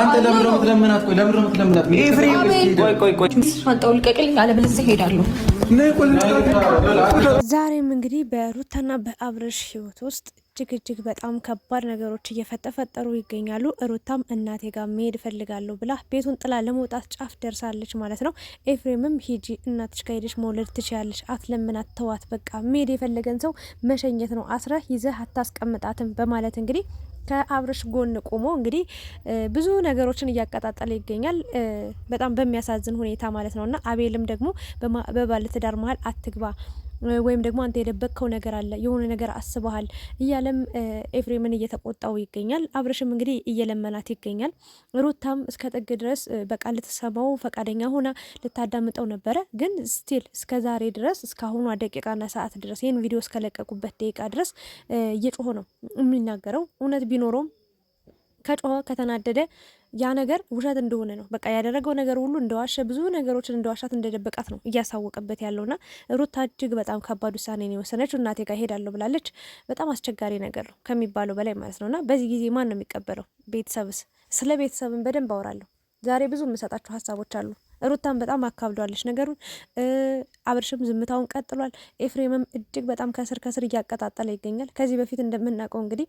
አንተ ለምን ነው የምትለምናት? ቆይ ለምን ነው የምትለምናት? ቆይ ቆይ ቆይ ዛሬም እንግዲህ በሩታና በአብረሽ ህይወት ውስጥ እጅግ እጅግ በጣም ከባድ ነገሮች እየተፈጠሩ ይገኛሉ። ሩታም እናቴ ጋር መሄድ እፈልጋለሁ ብላ ቤቱን ጥላ ለመውጣት ጫፍ ደርሳለች ማለት ነው። ኤፍሬምም ሂጂ እናትሽ ጋር ሄደሽ መውለድ አትለምናት፣ ተዋት፣ በቃ መሄድ የፈለገን ሰው መሸኘት ነው፣ አስረህ ይዘህ አታስቀምጣትም በማለት እንግዲህ ከአብርሽ ጎን ቆሞ እንግዲህ ብዙ ነገሮችን እያቀጣጠለ ይገኛል። በጣም በሚያሳዝን ሁኔታ ማለት እና አቤልም ደግሞ በባለትዳር መሀል አትግባ ወይም ደግሞ አንተ የደበቅከው ነገር አለ፣ የሆነ ነገር አስበሃል እያለም ኤፍሬምን እየተቆጣው ይገኛል። አብረሽም እንግዲህ እየለመናት ይገኛል። ሩታም እስከ ጥግ ድረስ በቃ ልትሰማው ፈቃደኛ ሆና ልታዳምጠው ነበረ። ግን ስቲል እስከ ዛሬ ድረስ እስካሁኗ ደቂቃና ሰዓት ድረስ ይህን ቪዲዮ እስከለቀቁበት ደቂቃ ድረስ እየጮሆ ነው የሚናገረው። እውነት ቢኖረውም ከጮኸ ከተናደደ ያ ነገር ውሸት እንደሆነ ነው። በቃ ያደረገው ነገር ሁሉ እንደዋሸ ብዙ ነገሮችን እንደዋሻት እንደደበቃት ነው እያሳወቀበት ያለውና ሩታ እጅግ በጣም ከባድ ውሳኔ ነው የወሰነችው። እናቴ ጋር ሄዳለሁ ብላለች። በጣም አስቸጋሪ ነገር ነው ከሚባለው በላይ ማለት ነውና በዚህ ጊዜ ማን ነው የሚቀበለው? ቤተሰብስ? ስለ ቤተሰብን በደንብ አወራለሁ። ዛሬ ብዙ የምሰጣችሁ ሀሳቦች አሉ። ሩታን በጣም አካብደዋለች ነገሩን። አብርሽም ዝምታውን ቀጥሏል። ኤፍሬምም እጅግ በጣም ከስር ከስር እያቀጣጠለ ይገኛል። ከዚህ በፊት እንደምናውቀው እንግዲህ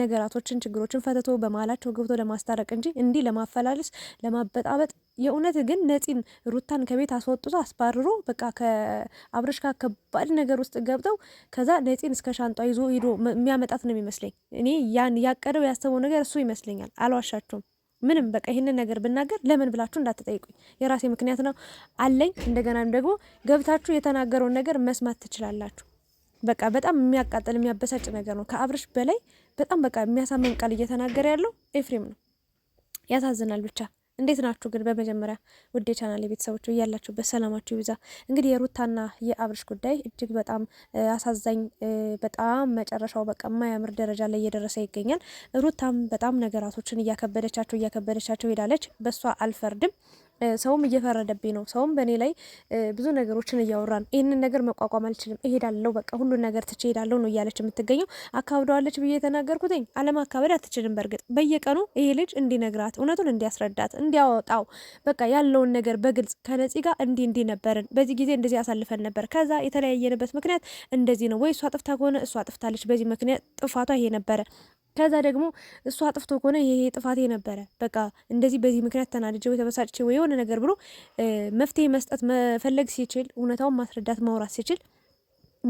ነገራቶችን ችግሮችን ፈትቶ በመሀላቸው ገብቶ ለማስታረቅ እንጂ እንዲህ ለማፈላለስ ለማበጣበጥ የእውነት ግን ነፂን ሩታን ከቤት አስወጥቶ አስባርሮ በቃ ከአብረሽ ጋር ከባድ ነገር ውስጥ ገብተው ከዛ ነፂን እስከ ሻንጧ ይዞ ሂዶ የሚያመጣት ነው የሚመስለኝ። እኔ ያን ያቀደው ያሰበው ነገር እሱ ይመስለኛል። አልዋሻቸውም። ምንም በቃ ይህንን ነገር ብናገር ለምን ብላችሁ እንዳትጠይቁኝ፣ የራሴ ምክንያት ነው አለኝ። እንደገናም ደግሞ ገብታችሁ የተናገረውን ነገር መስማት ትችላላችሁ። በቃ በጣም የሚያቃጥል የሚያበሳጭ ነገር ነው ከአብረሽ በላይ በጣም በቃ የሚያሳምን ቃል እየተናገረ ያለው ኤፍሬም ነው። ያሳዝናል ብቻ። እንዴት ናችሁ ግን? በመጀመሪያ ውዴ ቻናል የቤተሰቦች እያላችሁበት ሰላማችሁ ይብዛ። እንግዲህ የሩታና የአብርሽ ጉዳይ እጅግ በጣም አሳዛኝ፣ በጣም መጨረሻው በቃ የማያምር ደረጃ ላይ እየደረሰ ይገኛል። ሩታም በጣም ነገራቶችን እያከበደቻቸው እያከበደቻቸው ሄዳለች። በእሷ አልፈርድም ሰውም እየፈረደብኝ ነው። ሰውም በእኔ ላይ ብዙ ነገሮችን እያወራ ነው። ይህንን ነገር መቋቋም አልችልም፣ እሄዳለሁ፣ በቃ ሁሉን ነገር ትቼ እሄዳለሁ ነው እያለች የምትገኘው። አካብደዋለች ብዬ የተናገርኩትኝ አለም አካበድ አትችልም። በእርግጥ በየቀኑ ይሄ ልጅ እንዲነግራት፣ እውነቱን እንዲያስረዳት፣ እንዲያወጣው በቃ ያለውን ነገር በግልጽ ከነፂ ጋር እንዲህ እንዲህ ነበርን፣ በዚህ ጊዜ እንደዚህ አሳልፈን ነበር፣ ከዛ የተለያየንበት ምክንያት እንደዚህ ነው ወይ እሷ ጥፍታ ከሆነ እሷ ጥፍታለች፣ በዚህ ምክንያት ጥፋቷ ይሄ ነበረ ከዛ ደግሞ እሱ አጥፍቶ ከሆነ ይሄ ጥፋቴ ነበረ፣ በቃ እንደዚህ በዚህ ምክንያት ተናድጄ ወይ ተበሳጭቼ ወይ የሆነ ነገር ብሎ መፍትሄ መስጠት መፈለግ ሲችል፣ እውነታውን ማስረዳት ማውራት ሲችል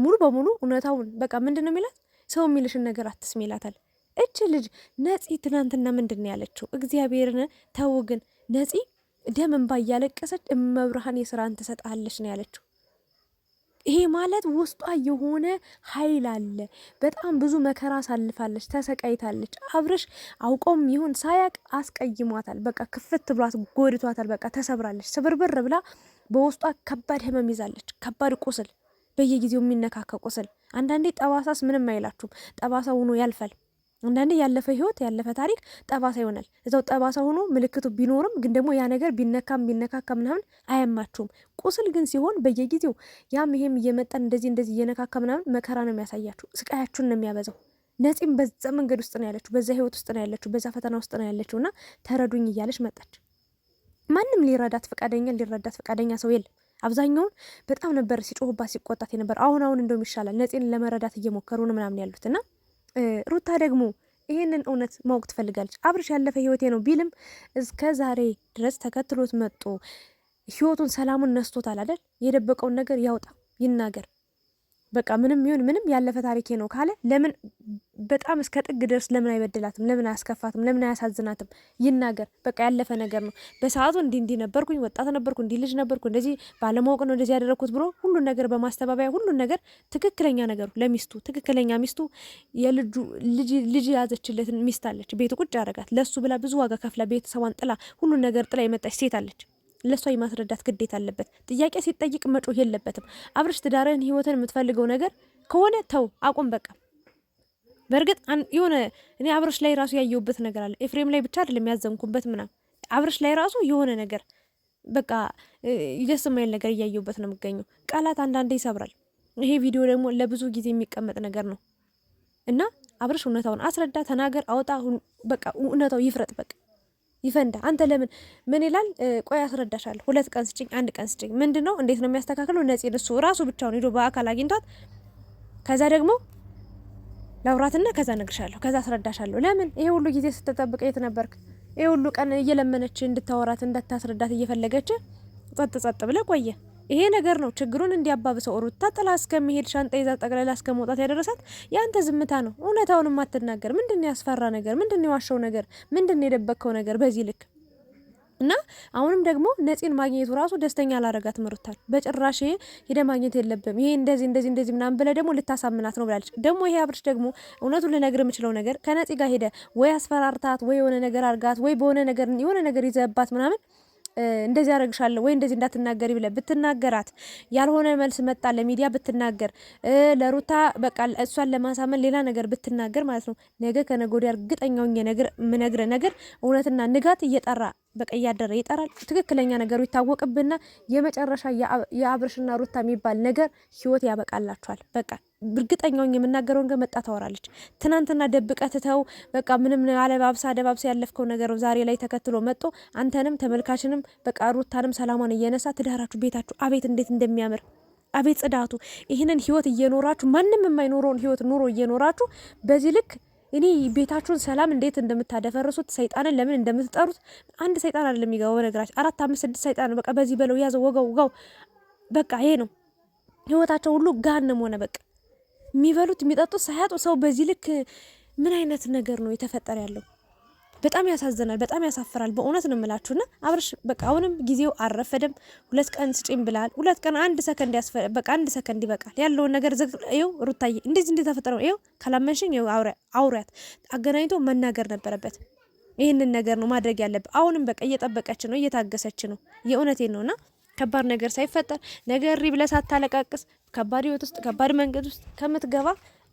ሙሉ በሙሉ እውነታውን በቃ ምንድን ነው የሚላት ሰው የሚልሽን ነገር አትስሚ ይላታል። እች ልጅ ነፂ ትናንትና ምንድን ነው ያለችው? እግዚአብሔርን ተው ግን ነፂ ደም እንባ እያለቀሰች እመብርሃን የስራን ትሰጣለች ነው ያለችው። ይሄ ማለት ውስጧ የሆነ ኃይል አለ። በጣም ብዙ መከራ አሳልፋለች፣ ተሰቃይታለች። አብርሽ አውቆም ይሁን ሳያቅ አስቀይሟታል። በቃ ክፍት ብሏት ጎድቷታል። በቃ ተሰብራለች። ስብርብር ብላ በውስጧ ከባድ ህመም ይዛለች፣ ከባድ ቁስል፣ በየጊዜው የሚነካከ ቁስል። አንዳንዴ ጠባሳስ ምንም አይላችሁም፣ ጠባሳ ሆኖ ያልፋል። አንዳንዴ ያለፈ ህይወት ያለፈ ታሪክ ጠባሳ ይሆናል። እዛው ጠባሳ ሆኖ ምልክቱ ቢኖርም ግን ደግሞ ያ ነገር ቢነካም ቢነካካ ምናምን አያማችሁም። ቁስል ግን ሲሆን በየጊዜው ያም ይሄም እየመጣን እንደዚህ እንደዚህ እየነካካ ምናምን መከራ ነው የሚያሳያችሁ፣ ስቃያችሁን ነው የሚያበዛው። ነፂም በዛ መንገድ ውስጥ ነው ያለችው፣ በዛ ህይወት ውስጥ ነው ያለችው፣ በዛ ፈተና ውስጥ ነው ያለችው እና ተረዱኝ እያለች መጣች። ማንም ሊረዳት ፈቃደኛ ሊረዳት ፈቃደኛ ሰው የለም። አብዛኛውን በጣም ነበር ሲጮህባት ሲቆጣት የነበር። አሁን አሁን እንደውም ይሻላል፣ ነፂን ለመረዳት እየሞከሩ ነው ምናምን ያሉት እና ሩታ ደግሞ ይህንን እውነት ማወቅ ትፈልጋለች። አብርሽ ያለፈ ህይወቴ ነው ቢልም እስከ ዛሬ ድረስ ተከትሎት መጦ ህይወቱን ሰላሙን ነስቶታል አይደል? የደበቀውን ነገር ያውጣ ይናገር። በቃ ምንም ይሁን ምንም ያለፈ ታሪኬ ነው ካለ ለምን በጣም እስከ ጥግ ድረስ ለምን አይበድላትም? ለምን አያስከፋትም? ለምን አያሳዝናትም? ይናገር። በቃ ያለፈ ነገር ነው። በሰዓቱ እንዲህ እንዲህ ነበርኩኝ፣ ወጣት ነበርኩ፣ እንዲህ ልጅ ነበርኩ፣ እንደዚህ ባለማወቅ ነው እንደዚህ ያደረግኩት ብሎ ሁሉን ነገር በማስተባበያ ሁሉን ነገር ትክክለኛ ነገሩ ለሚስቱ ትክክለኛ ሚስቱ የልጁ ልጅ የያዘችለትን ሚስት አለች። ቤት ቁጭ ያደረጋት ለሱ ብላ ብዙ ዋጋ ከፍላ ቤተሰቧን ጥላ ሁሉን ነገር ጥላ የመጣች ሴት አለች። ለእሷ የማስረዳት ግዴታ አለበት። ጥያቄ ሲጠይቅ መጮህ የለበትም። አብርሽ ትዳርን፣ ህይወትን የምትፈልገው ነገር ከሆነ ተው አቁም፣ በቃ በእርግጥ የሆነ እኔ አብርሽ ላይ ራሱ ያየሁበት ነገር አለ። ኤፍሬም ላይ ብቻ አይደለም ያዘንኩበት ምናምን፣ አብርሽ ላይ ራሱ የሆነ ነገር በቃ ደስ የማይል ነገር እያየሁበት ነው የምገኘው። ቃላት አንዳንዴ ይሰብራል። ይሄ ቪዲዮ ደግሞ ለብዙ ጊዜ የሚቀመጥ ነገር ነው እና አብርሽ እውነታውን አስረዳ፣ ተናገር፣ አውጣ። በቃ እውነታው ይፍረጥ በቃ ይፈንዳ። አንተ ለምን ምን ይላል? ቆይ አስረዳሻለሁ። ሁለት ቀን ስጭኝ፣ አንድ ቀን ስጭኝ። ምንድን ነው እንዴት ነው የሚያስተካክለው? ነፂን እሱ ራሱ ብቻውን ሄዶ በአካል አግኝቷት፣ ከዛ ደግሞ ላውራትና ከዛ እነግርሻለሁ፣ ከዛ አስረዳሻለሁ። ለምን ይሄ ሁሉ ጊዜ ስትጠብቅ የት ነበርክ? ይሄ ሁሉ ቀን እየለመነች እንድታወራት እንዳታስረዳት እየፈለገች ጸጥ ጸጥ ብለ ቆየ። ይሄ ነገር ነው ችግሩን እንዲያባብሰው ሩታ ጥላ እስከሚሄድ ሻንጣ ይዛ ጠቅላላ እስከ መውጣት ያደረሳት የአንተ ዝምታ ነው። እውነታውን ማትናገር ምንድን ያስፈራ ነገር ምንድን የዋሸው ነገር ምንድን የደበቅከው ነገር በዚህ ልክ እና አሁንም ደግሞ ነፂን ማግኘቱ ራሱ ደስተኛ ላረጋት ምሩታል። በጭራሽ ሄደ ማግኘት የለብም ይሄ እንደዚህ እንደዚህ እንደዚህ ምናምን ብለ ደግሞ ልታሳምናት ነው ብላለች። ደግሞ ይሄ አብርሽ ደግሞ እውነቱን ልነግር የምችለው ነገር ከነፂ ጋር ሄደ ወይ አስፈራርታት ወይ የሆነ ነገር አርጋት ወይ በሆነ ነገር የሆነ ነገር ይዘባት ምናምን እንደዚህ አደረግሻለሁ ወይ እንደዚህ እንዳትናገሪ ብለ ብትናገራት፣ ያልሆነ መልስ መጣ ለሚዲያ ብትናገር፣ ለሩታ በቃ እሷን ለማሳመን ሌላ ነገር ብትናገር ማለት ነው። ነገ ከነገ ወዲያ እርግጠኛው ምነግረ ነገር እውነትና ንጋት እየጠራ በቃ እያደረ ይጠራል። ትክክለኛ ነገሩ ይታወቅብና የመጨረሻ የአብርሽና ሩታ የሚባል ነገር ህይወት ያበቃላችኋል በቃ እርግጠኛውን የምናገረውን ገ መጣ ታወራለች። ትናንትና ደብቀ ትተው በቃ ምንም አለባብሳ አደባብሳ ያለፍከው ነገር ዛሬ ላይ ተከትሎ መጥቶ አንተንም ተመልካችንም በቃ ሩታንም ሰላሟን እየነሳ ትዳራችሁ፣ ቤታችሁ አቤት እንዴት እንደሚያምር አቤት ጽዳቱ። ይህንን ህይወት እየኖራችሁ ማንም የማይኖረውን ህይወት ኑሮ እየኖራችሁ በዚህ ልክ እኔ ቤታችሁን ሰላም እንዴት እንደምታደፈርሱት ሰይጣንን ለምን እንደምትጠሩት አንድ ሰይጣን አይደለም የሚገባው በነገራችን አራት አምስት ስድስት ሰይጣን በቃ በዚህ በለው ያዘው ወጋው ውጋው በቃ ይሄ ነው ህይወታቸው ሁሉ ጋንም ሆነ በቃ የሚበሉት የሚጠጡት ሳያጡ ሰው በዚህ ልክ ምን አይነት ነገር ነው የተፈጠረ ያለው? በጣም ያሳዝናል። በጣም ያሳፍራል። በእውነት ነው የምላችሁና አብርሽ በቃ አሁንም ጊዜው አረፈደም። ሁለት ቀን ስጪም ብላል። ሁለት ቀን አንድ ሰከንድ ያስፈ በቃ አንድ ሰከንድ ይበቃል። ያለውን ነገር ዘግ ይው ሩታዬ፣ እንደዚህ ተፈጠረ ይው ካላመንሽኝ አውሪያት አገናኝቶ መናገር ነበረበት። ይህንን ነገር ነው ማድረግ ያለበት አሁንም በቃ እየጠበቀች ነው፣ እየታገሰች ነው። የእውነቴን ነውና ከባድ ነገር ሳይፈጠር ነገር ሪ ሳታለቃቅስ ከባድ ህይወት ውስጥ ከባድ መንገድ ውስጥ ከምትገባ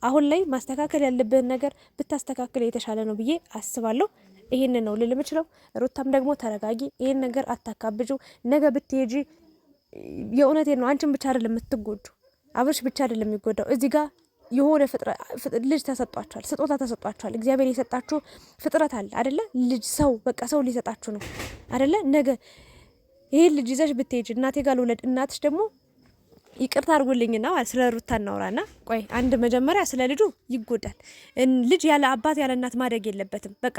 አሁን ላይ ማስተካከል ያለብህን ነገር ብታስተካክል የተሻለ ነው ብዬ አስባለሁ። ይህንን ነው ልል የምችለው። ሩታም ደግሞ ተረጋጊ፣ ይህን ነገር አታካብጁ። ነገ ብትሄጂ የእውነት ነው አንቺን ብቻ አይደለም የምትጎጁ፣ አብርሽ ብቻ አይደለም የሚጎዳው። እዚህ ጋር የሆነ ልጅ ተሰጧቸዋል፣ ስጦታ ተሰጧቸዋል። እግዚአብሔር የሰጣችሁ ፍጥረት አለ አደለ? ልጅ ሰው በቃ ሰው ሊሰጣችሁ ነው አደለ? ነገ ይሄን ልጅ ይዘሽ ብትሄጅ እናቴ ጋር ልውለድ፣ እናትሽ ደግሞ ይቅርታ አድርጉልኝና ስለ ሩታ እናውራና፣ ቆይ አንድ መጀመሪያ ስለ ልጁ ይጎዳል። ልጅ ያለ አባት ያለ እናት ማደግ የለበትም። በቃ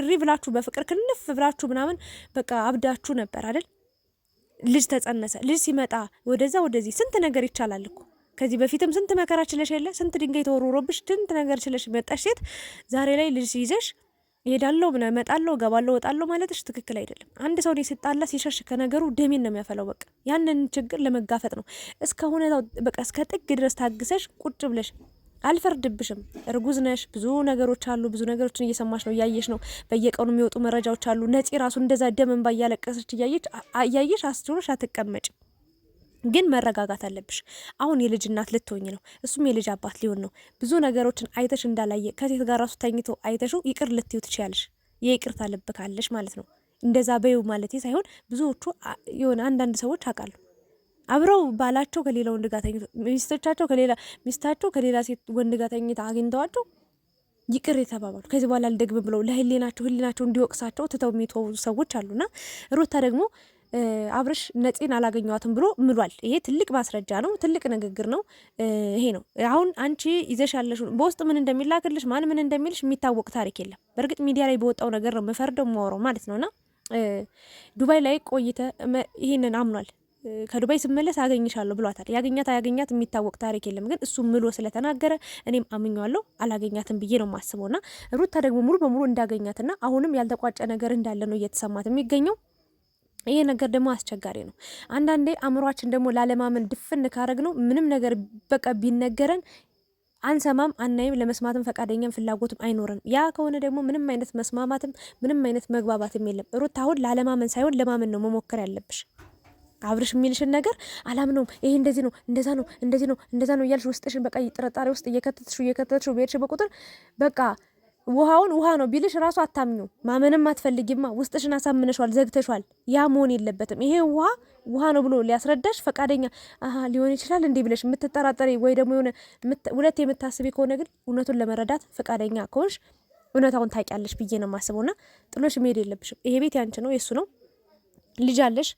እሪ ብላችሁ በፍቅር ክንፍ ብላችሁ ምናምን በቃ አብዳችሁ ነበር አይደል? ልጅ ተጸነሰ። ልጅ ሲመጣ ወደዛ ወደዚህ ስንት ነገር ይቻላል እኮ ከዚህ በፊትም ስንት መከራ ችለሽ የለ ስንት ድንጋይ ተወርውሮብሽ ስንት ነገር ችለሽ መጣሽ ሴት ዛሬ ላይ ልጅ ይዘሽ ሄዳለሁ ብለህ እመጣለሁ እገባለሁ ማለት ማለትሽ ትክክል አይደለም። አንድ ሰው ሲጣላ ሲሸሽ ከነገሩ ደሜን ነው የሚያፈለው። በቃ ያንን ችግር ለመጋፈጥ ነው እስከ ሁኔታው በቃ እስከ ጥግ ድረስ ታግሰሽ ቁጭ ብለሽ አልፈርድብሽም። እርጉዝ ነሽ፣ ብዙ ነገሮች አሉ። ብዙ ነገሮችን እየሰማሽ ነው፣ እያየሽ ነው። በየቀኑ የሚወጡ መረጃዎች አሉ። ነፂ ራሱ እንደዛ ደም እንባ እያለቀሰች እያየሽ አስችሎሽ አትቀመጭም። ግን መረጋጋት አለብሽ። አሁን የልጅ እናት ልትሆኝ ነው፣ እሱም የልጅ አባት ሊሆን ነው። ብዙ ነገሮችን አይተሽ እንዳላየ ከሴት ጋር ራሱ ተኝቶ አይተሽው ይቅር ልትዩ ትችያለሽ። የይቅርታ ልብ ካለሽ ማለት ነው። እንደዛ በዩ ማለት ሳይሆን ብዙዎቹ የሆነ አንዳንድ ሰዎች አውቃሉ አብረው ባላቸው ከሌላ ወንድ ጋር ተኝቶ ሚስቶቻቸው ከሌላ ሚስታቸው ከሌላ ሴት ወንድ ጋር ተኝታ አግኝተዋቸው ይቅር የተባባሉ ከዚህ በኋላ አልደግም ብለው ለህሊናቸው ህሊናቸው እንዲወቅሳቸው ትተው የሚተዉ ሰዎች አሉና ሩታ ደግሞ አብርሽ ነፂን አላገኘዋትም ብሎ ምሏል። ይሄ ትልቅ ማስረጃ ነው፣ ትልቅ ንግግር ነው። ይሄ ነው አሁን አንቺ ይዘሻለሽ። በውስጥ ምን እንደሚላክልሽ ማን ምን እንደሚልሽ የሚታወቅ ታሪክ የለም። በእርግጥ ሚዲያ ላይ በወጣው ነገር ነው መፈርደው ማወራው ማለት ነውና ዱባይ ላይ ቆይተ ይሄንን አምኗል። ከዱባይ ስመለስ አገኝሻለሁ ብሏታል። ያገኛት አያገኛት የሚታወቅ ታሪክ የለም። ግን እሱ ምሎ ስለተናገረ እኔም አምኛለሁ አላገኛትም ብዬ ነው እና ሩታ ደግሞ ሙሉ በሙሉ እንዳገኛትና አሁንም ያልተቋጨ ነገር እንዳለ ነው እየተሰማት የሚገኘው። ይሄ ነገር ደግሞ አስቸጋሪ ነው። አንዳንዴ አእምሯችን ደግሞ ላለማመን ድፍን ካረግ ነው ምንም ነገር በቃ ቢነገረን አንሰማም፣ አናይም፣ ለመስማትም ፈቃደኛም ፍላጎትም አይኖርም። ያ ከሆነ ደግሞ ምንም አይነት መስማማትም ምንም አይነት መግባባትም የለም። ሩት አሁን ላለማመን ሳይሆን ለማመን ነው መሞከር ያለብሽ። አብርሽ የሚልሽን ነገር አላምነውም፣ ይሄ እንደዚህ ነው፣ እንደዛ ነው፣ እንደዚህ ነው፣ እንደዛ ነው እያልሽ ውስጥሽን በቃ ጥርጣሬ ውስጥ እየከተትሽው እየከተትሽው በሄድሽ በቁጥር በቃ ውሃውን ውሃ ነው ቢልሽ ራሱ አታምኙ። ማመንም አትፈልጊማ። ውስጥሽን አሳምነሸዋል፣ ዘግተሸዋል። ያ መሆን የለበትም። ይሄ ውሃ ውሃ ነው ብሎ ሊያስረዳሽ ፈቃደኛ ሊሆን ይችላል እንዲህ ብለሽ የምትጠራጠሪ ወይ ደግሞ የሆነ ሁለት የምታስቢ ከሆነ ግን እውነቱን ለመረዳት ፈቃደኛ ከሆንሽ እውነታውን ታውቂያለሽ ብዬ ነው የማስበው። እና ጥሎሽ መሄድ የለብሽም። ይሄ ቤት ያንቺ ነው፣ የእሱ ነው። ልጅ አለሽ፣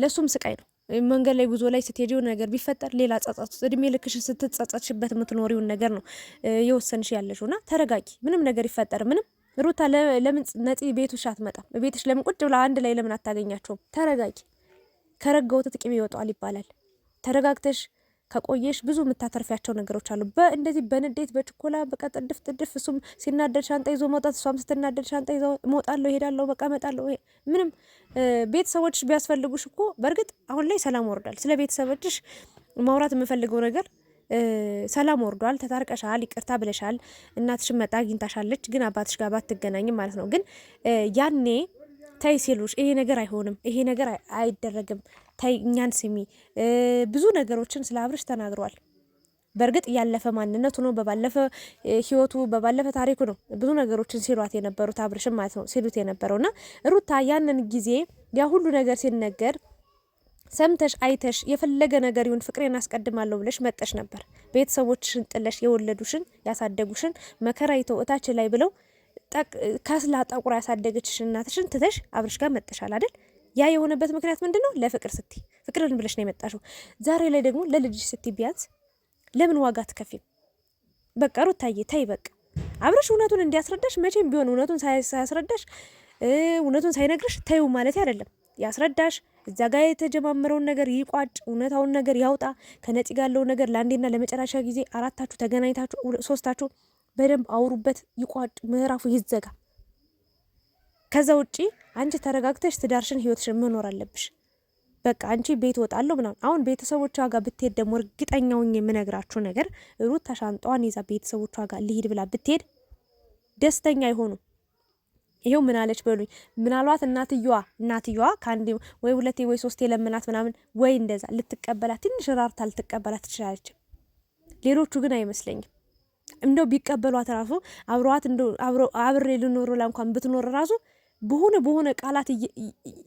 ለእሱም ስቃይ ነው። መንገድ ላይ ጉዞ ላይ ስትሄድ የሆነ ነገር ቢፈጠር ሌላ ጸጸት እድሜ ልክሽ ስትጸጸትሽበት የምትኖሪውን ነገር ነው የወሰንሽ ያለሽው። እና ተረጋጊ። ምንም ነገር ይፈጠር ምንም ሩታ ለምን ነፂ ቤትሽ አትመጣም? ቤትሽ ለምን ቁጭ ብላ አንድ ላይ ለምን አታገኛቸውም? ተረጋጊ። ከረጋ ጥቂም ይወጣል ይባላል። ተረጋግተሽ ከቆየሽ ብዙ የምታተርፊያቸው ነገሮች አሉ። በእንደዚህ በንዴት በችኮላ በቃ ጥድፍ ጥድፍ፣ እሱም ሲናደድ ሻንጣ ይዞ መውጣት፣ እሷም ስትናደድ ሻንጣ ይዞ እመጣለሁ፣ እሄዳለሁ፣ በቃ እመጣለሁ። ምንም ቤተሰቦችሽ ቢያስፈልጉሽ እኮ በእርግጥ አሁን ላይ ሰላም ወርዷል። ስለ ቤተሰቦችሽ ማውራት የምፈልገው ነገር ሰላም ወርዷል። ተታርቀሻል፣ ይቅርታ ብለሻል፣ እናትሽ መጣ አግኝታሻለች። ግን አባትሽ ጋር ባትገናኝም ማለት ነው። ግን ያኔ ተይ ሲሉሽ ይሄ ነገር አይሆንም፣ ይሄ ነገር አይደረግም ታይ እኛን ስሚ፣ ብዙ ነገሮችን ስለ አብርሽ ተናግረዋል። በእርግጥ ያለፈ ማንነቱ ነው፣ በባለፈ ህይወቱ፣ በባለፈ ታሪኩ ነው ብዙ ነገሮችን ሲሏት የነበሩት አብርሽም ማለት ነው ሲሉት የነበረው እና ሩታ ያንን ጊዜ ያ ሁሉ ነገር ሲነገር ሰምተሽ አይተሽ የፈለገ ነገር ይሁን ፍቅሬን አስቀድማለሁ ብለሽ መጠሽ ነበር። ቤተሰቦችሽን ጥለሽ የወለዱሽን ያሳደጉሽን መከራ ይተውታች ላይ ብለው ከስላ ጠቁራ ያሳደገችሽ እናትሽን ትተሽ አብርሽ ጋር መጠሻል አይደል? ያ የሆነበት ምክንያት ምንድን ነው? ለፍቅር ስቲ ፍቅርን ብለሽ ነው የመጣሽው። ዛሬ ላይ ደግሞ ለልጅሽ ስቲ ቢያንስ ለምን ዋጋ አትከፊም? በቃ ሩታዬ ተይ በቃ አብረሽ እውነቱን እንዲያስረዳሽ መቼም ቢሆን እውነቱን ሳያስረዳሽ እውነቱን ሳይነግርሽ ተዩ ማለት አይደለም። ያስረዳሽ እዛ ጋር የተጀማመረውን ነገር ይቋጭ፣ እውነታውን ነገር ያውጣ። ከነፂ ጋር ያለውን ነገር ለአንዴና ለመጨረሻ ጊዜ አራታችሁ ተገናኝታችሁ ሶስታችሁ በደንብ አውሩበት፣ ይቋጭ፣ ምዕራፉ ይዘጋ። ከዛ ውጪ አንቺ ተረጋግተሽ ትዳርሽን ህይወትሽን መኖር አለብሽ። በቃ አንቺ ቤት ወጣለሁ ምናምን። አሁን ቤተሰቦቿ ጋር ብትሄድ ደግሞ እርግጠኛውኝ የምነግራችሁ ነገር ሩት ተሻንጧን ይዛ ቤተሰቦቿ ጋር ልሂድ ብላ ብትሄድ ደስተኛ አይሆኑም። ይሄው ምን አለች በሉኝ። ምናልባት እናትየዋ እናትየዋ ከአንድ ወይ ሁለቴ ወይ ሶስቴ ለምናት ምናምን ወይ እንደዛ ልትቀበላት ትንሽ ራርታ ልትቀበላት ትችላለች። ሌሎቹ ግን አይመስለኝም። እንደው ቢቀበሏት ራሱ አብረዋት እንደው አብሬ ልኖር ላ እንኳን ብትኖር ራሱ በሆነ በሆነ ቃላት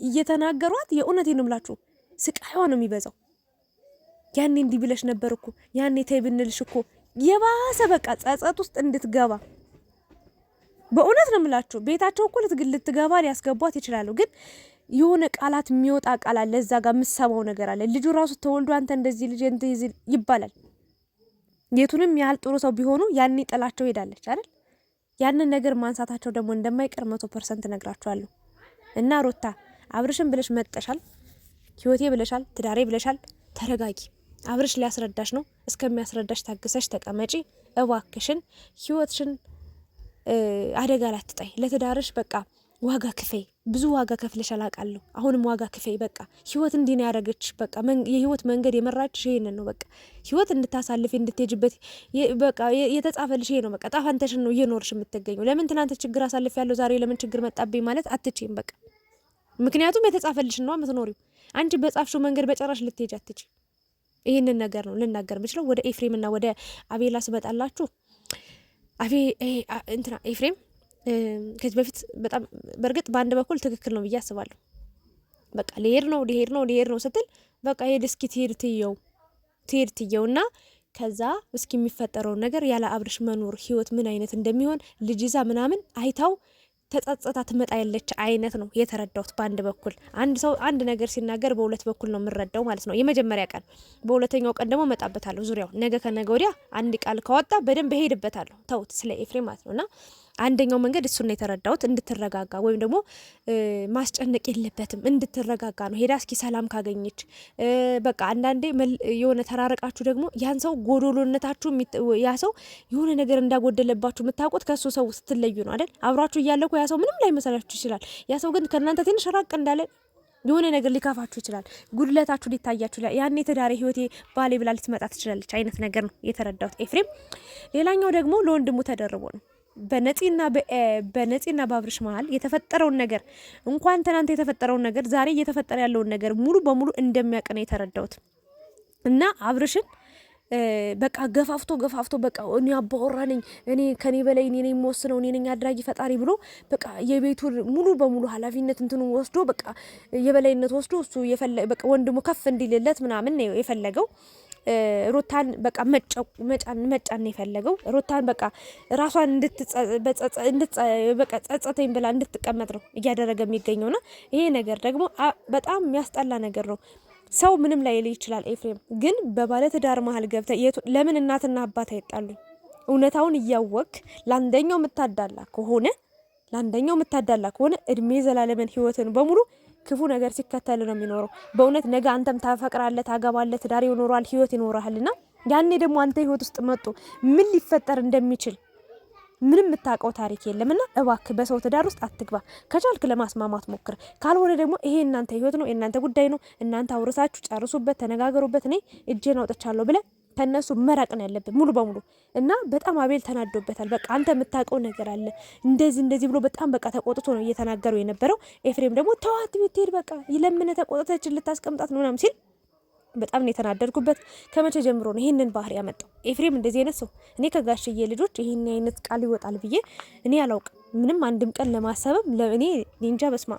እየተናገሯት የእውነት ነው ስቃይዋ ነው የሚበዛው። ያኔ እንዲህ ብለሽ ነበር እኮ ያኔ ተይ ብንልሽ እኮ የባሰ በቃ ጸጸት ውስጥ እንድትገባ በእውነት ነው የምላችሁ። ቤታቸው እኮ ልትገባ ሊያስገቧት ይችላሉ፣ ግን የሆነ ቃላት የሚወጣ አለ ለዛ ጋር የምሰማው ነገር አለ። ልጁ ራሱ ተወልዶ አንተ እንደዚህ ልጅ ይባላል። የቱንም ያህል ጥሩ ሰው ቢሆኑ ያኔ ጥላቸው ሄዳለች አይደል ያንን ነገር ማንሳታቸው ደግሞ እንደማይቀር መቶ ፐርሰንት እና ሩታ አብርሽን ብለሽ መጠሻል፣ ህይወቴ ብለሻል፣ ትዳሬ ብለሻል። ተረጋጊ። አብርሽ ሊያስረዳሽ ነው። እስከሚያስረዳሽ ታግሰሽ ተቀመጪ እባክሽን። ህይወትሽን አደጋ ላትጣይ፣ ለትዳርሽ በቃ ዋጋ ክፈይ፣ ብዙ ዋጋ ከፍለሻል አውቃለሁ። አሁንም ዋጋ ክፈይ። በቃ ህይወት እንዲህ ነው ያደረገች። በቃ የህይወት መንገድ የመራችሽ ይሄንን ነው። በቃ ህይወት እንድታሳልፊ እንድትሄጅበት በቃ የተጻፈልሽ ይሄ ነው። በቃ ጣፋንተሽን ነው እየኖርሽ የምትገኘው። ለምን ትናንተ ችግር አሳልፍ ያለው ዛሬ ለምን ችግር መጣብኝ ማለት አትችም። በቃ ምክንያቱም የተጻፈልሽ ነው የምትኖሪው። አንቺ በጻፍሽው መንገድ በጨራሽ ልትሄጅ አትች። ይህንን ነገር ነው ልናገር የምችለው። ወደ ኤፍሬም ኤፍሬምና ወደ አቤላ ስመጣላችሁ አቤ እንትና ኤፍሬም ከዚህ በፊት በጣም በእርግጥ በአንድ በኩል ትክክል ነው ብዬ አስባለሁ። በቃ ሊሄድ ነው ሊሄድ ነው ሊሄድ ነው ስትል በቃ ሄድ እስኪ ትሄድ ትየው ትሄድ ትየው እና ከዛ እስኪ የሚፈጠረውን ነገር ያለ አብርሽ መኖር ህይወት ምን አይነት እንደሚሆን ልጅ ይዛ ምናምን አይታው ተጸጸታ ትመጣ ያለች አይነት ነው የተረዳሁት። በአንድ በኩል አንድ ሰው አንድ ነገር ሲናገር በሁለት በኩል ነው የምረዳው ማለት ነው። የመጀመሪያ ቀን፣ በሁለተኛው ቀን ደግሞ እመጣበታለሁ ዙሪያው ነገ ከነገ ወዲያ አንድ ቃል ካወጣ በደንብ እሄድበታለሁ። ተውት ስለ ኤፍሬም ማለት ነው እና አንደኛው መንገድ እሱን ነው የተረዳሁት። እንድትረጋጋ ወይም ደግሞ ማስጨነቅ የለበትም እንድትረጋጋ ነው። ሄዳ እስኪ ሰላም ካገኘች በቃ አንዳንዴ የሆነ ተራረቃችሁ ደግሞ ያን ሰው ጎዶሎነታችሁ ያ ሰው የሆነ ነገር እንዳጎደለባችሁ የምታውቁት ከእሱ ሰው ስትለዩ ነው አይደል? አብሯችሁ እያለኩ ያ ሰው ምንም ላይመሰላችሁ ይችላል። ያ ሰው ግን ከእናንተ ትንሽ ራቅ እንዳለ የሆነ ነገር ሊከፋችሁ ይችላል። ጉድለታችሁ ሊታያችሁ ይችላል። ያኔ ትዳሬ ህይወቴ ባሌ ብላ ልትመጣ ትችላለች አይነት ነገር ነው የተረዳሁት ኤፍሬም። ሌላኛው ደግሞ ለወንድሙ ተደርቦ ነው በነፂና በነፂና በአብርሽ መሀል የተፈጠረውን ነገር እንኳን ትናንት የተፈጠረውን ነገር ዛሬ እየተፈጠረ ያለውን ነገር ሙሉ በሙሉ እንደሚያውቅ ነው የተረዳሁት። እና አብርሽን በቃ ገፋፍቶ ገፋፍቶ በቃ እኔ አባወራ ነኝ፣ እኔ ከኔ በላይ እኔ ነኝ የምወስነው፣ እኔ ነኝ አድራጊ ፈጣሪ ብሎ በቃ የቤቱን ሙሉ በሙሉ ኃላፊነት እንትኑ ወስዶ በቃ የበላይነት ወስዶ እሱ በቃ ወንድሙ ከፍ እንዲልለት ምናምን ነው የፈለገው። ሩታን በቃ መጫን መጫን ነው የፈለገው። ሩታን በቃ ራሷን ጸጸተኝ ብላ እንድትቀመጥ ነው እያደረገ የሚገኘው ና ይሄ ነገር ደግሞ በጣም የሚያስጠላ ነገር ነው። ሰው ምንም ላይ ልይ ይችላል። ኤፍሬም ግን በባለትዳር መሀል ገብተ ለምን እናትና አባት አይጣሉ? እውነታውን እያወቅ ለአንደኛው የምታዳላ ከሆነ ለአንደኛው የምታዳላ ከሆነ እድሜ ዘላለምን ህይወትን በሙሉ ክፉ ነገር ሲከተል ነው የሚኖረው። በእውነት ነገ አንተም ታፈቅራለህ፣ ታገባለህ፣ ትዳር ይኖራል፣ ህይወት ይኖራልና ያኔ ደግሞ አንተ ህይወት ውስጥ መጡ ምን ሊፈጠር እንደሚችል ምንም የምታውቀው ታሪክ የለምና እባክህ በሰው ትዳር ውስጥ አትግባ። ከቻልክ ለማስማማት ሞክር። ካልሆነ ደግሞ ይሄ እናንተ ህይወት ነው፣ የእናንተ ጉዳይ ነው። እናንተ አውርሳችሁ ጨርሱበት፣ ተነጋገሩበት። እኔ እጄን አውጥቻለሁ ብለህ ከነሱ መራቅ ነው ያለብን ሙሉ በሙሉ እና በጣም አቤል ተናዶበታል። በቃ አንተ የምታውቀው ነገር አለ እንደዚህ እንደዚህ ብሎ በጣም በቃ ተቆጥቶ ነው እየተናገሩ የነበረው። ኤፍሬም ደግሞ ተዋት ብትሄድ በቃ ይለምነ ተቆጥተችን ልታስቀምጣት ነው ምናምን ሲል በጣም ነው የተናደድኩበት። ከመቼ ጀምሮ ነው ይህንን ባህሪ ያመጣው ኤፍሬም? እንደዚህ አይነት ሰው እኔ ከጋሽዬ ልጆች ይህን አይነት ቃል ይወጣል ብዬ እኔ አላውቅም። ምንም አንድም ቀን ለማሰብም ለእኔ እንጃ በስማ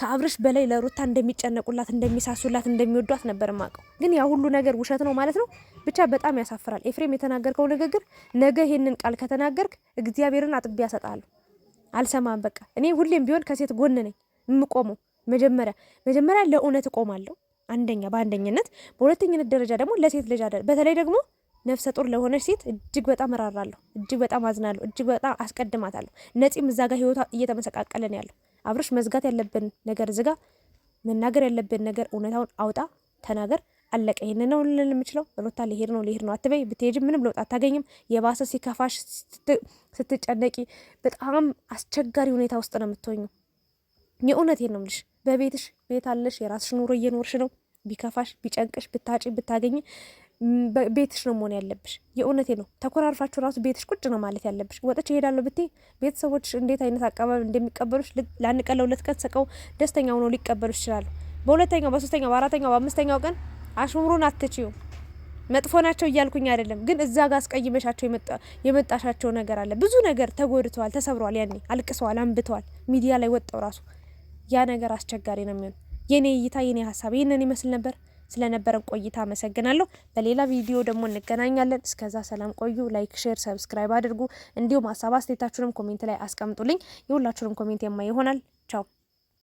ከአብርሽ በላይ ለሩታ እንደሚጨነቁላት፣ እንደሚሳሱላት፣ እንደሚወዷት ነበር ማቀው። ግን ያ ሁሉ ነገር ውሸት ነው ማለት ነው። ብቻ በጣም ያሳፍራል። ኤፍሬም የተናገርከው ንግግር ነገ ይሄንን ቃል ከተናገርክ እግዚአብሔርን አጥቢ ያሰጣለሁ። አልሰማም። በቃ እኔ ሁሌም ቢሆን ከሴት ጎን ነኝ የምቆመው። መጀመሪያ መጀመሪያ ለእውነት እቆማለሁ አንደኛ በአንደኝነት በሁለተኝነት ደረጃ ደግሞ ለሴት ልጅ አደ በተለይ ደግሞ ነፍሰ ጡር ለሆነች ሴት እጅግ በጣም እራራለሁ፣ እጅግ በጣም አዝናለሁ፣ እጅግ በጣም አስቀድማታለሁ። ነፂም እዛ ጋር ህይወቷ እየተመሰቃቀለን ያለው። አብርሽ መዝጋት ያለብን ነገር ዝጋ፣ መናገር ያለብን ነገር እውነታውን አውጣ፣ ተናገር፣ አለቀ። ይህን ነው ልንል የምችለው። ሩታ ሊሄድ ነው ሊሄድ ነው አትበይ። ብትሄጅ ምንም ለውጥ አታገኝም። የባሰ ሲከፋሽ፣ ስትጨነቂ፣ በጣም አስቸጋሪ ሁኔታ ውስጥ ነው የምትሆኙ። የእውነት ነው ልሽ በቤትሽ ቤት አለሽ፣ የራስሽ ኑሮ እየኖርሽ ነው። ቢከፋሽ፣ ቢጨንቅሽ፣ ብታጪ፣ ብታገኝ ቤትሽ ነው መሆን ያለብሽ። የእውነቴ ነው። ተኮራርፋችሁ ራሱ ቤትሽ ቁጭ ነው ማለት ያለብሽ። ወጥቼ እሄዳለሁ ብቴ ቤተሰቦች እንዴት አይነት አቀባበል እንደሚቀበሉሽ ለአንድ ቀን ለሁለት ቀን ሰቀው ደስተኛ ሆኖ ሊቀበሉሽ ይችላሉ። በሁለተኛው በሶስተኛው በአራተኛው በአምስተኛው ቀን አሽሙሩን አትችዩ። መጥፎ ናቸው እያልኩኝ አይደለም፣ ግን እዛ ጋር አስቀይመሻቸው የመጣሻቸው ነገር አለ። ብዙ ነገር ተጎድተዋል፣ ተሰብረዋል፣ ያኔ አልቅሰዋል፣ አንብተዋል። ሚዲያ ላይ ወጣው ራሱ ያ ነገር አስቸጋሪ ነው የሚሆን። የኔ እይታ የኔ ሀሳብ ይህንን ይመስል ነበር። ስለነበረን ቆይታ አመሰግናለሁ። በሌላ ቪዲዮ ደግሞ እንገናኛለን። እስከዛ ሰላም ቆዩ። ላይክ፣ ሼር፣ ሰብስክራይብ አድርጉ። እንዲሁም ሀሳብ አስተያየታችሁንም ኮሜንት ላይ አስቀምጡልኝ። የሁላችሁንም ኮሜንት የማይ ይሆናል።